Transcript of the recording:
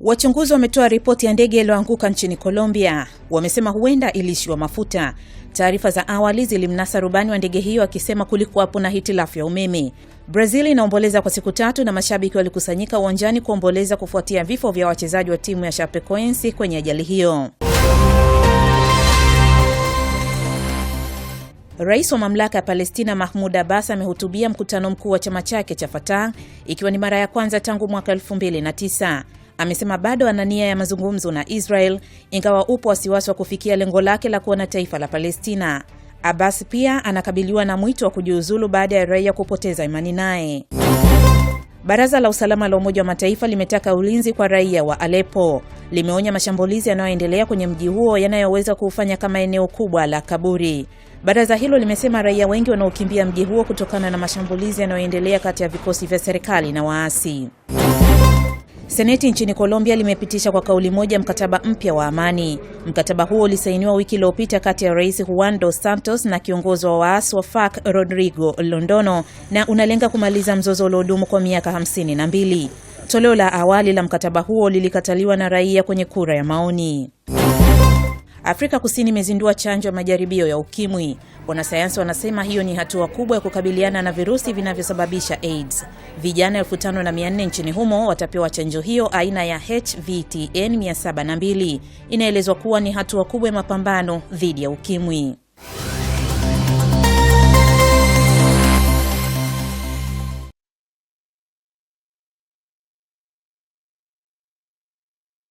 Wachunguzi wametoa ripoti ya ndege iliyoanguka nchini Colombia. Wamesema huenda iliishiwa mafuta. Taarifa za awali zilimnasa rubani wa ndege hiyo akisema kulikuwapo na hitilafu ya umeme. Brazil inaomboleza kwa siku tatu na mashabiki walikusanyika uwanjani kuomboleza kufuatia vifo vya wachezaji wa timu ya Chapecoense kwenye ajali hiyo. Rais wa mamlaka ya Palestina Mahmud Abbas amehutubia mkutano mkuu wa chama chake cha Fatah ikiwa ni mara ya kwanza tangu mwaka 2009 amesema bado ana nia ya mazungumzo na Israel ingawa upo wasiwasi wa kufikia lengo lake la kuona taifa la Palestina. Abbas pia anakabiliwa na mwito wa kujiuzulu baada ya raia kupoteza imani naye. Baraza la usalama la Umoja wa Mataifa limetaka ulinzi kwa raia wa Aleppo. Limeonya mashambulizi yanayoendelea kwenye mji huo yanayoweza kuufanya kama eneo kubwa la kaburi. Baraza hilo limesema raia wengi wanaokimbia mji huo kutokana na mashambulizi yanayoendelea kati ya vikosi vya serikali na waasi. Seneti nchini Colombia limepitisha kwa kauli moja mkataba mpya wa amani. Mkataba huo ulisainiwa wiki iliyopita kati ya Rais Juan Dos Santos na kiongozi wa waasi wa FARC Rodrigo Londono na unalenga kumaliza mzozo uliodumu kwa miaka mbili. Toleo la awali la mkataba huo lilikataliwa na raia kwenye kura ya maoni. Afrika Kusini imezindua chanjo ya majaribio ya ukimwi. Wanasayansi wanasema hiyo ni hatua kubwa ya kukabiliana na virusi vinavyosababisha AIDS. Vijana elfu tano na mia nne nchini humo watapewa chanjo hiyo aina ya HVTN 702. Inaelezwa kuwa ni hatua kubwa ya mapambano dhidi ya ukimwi.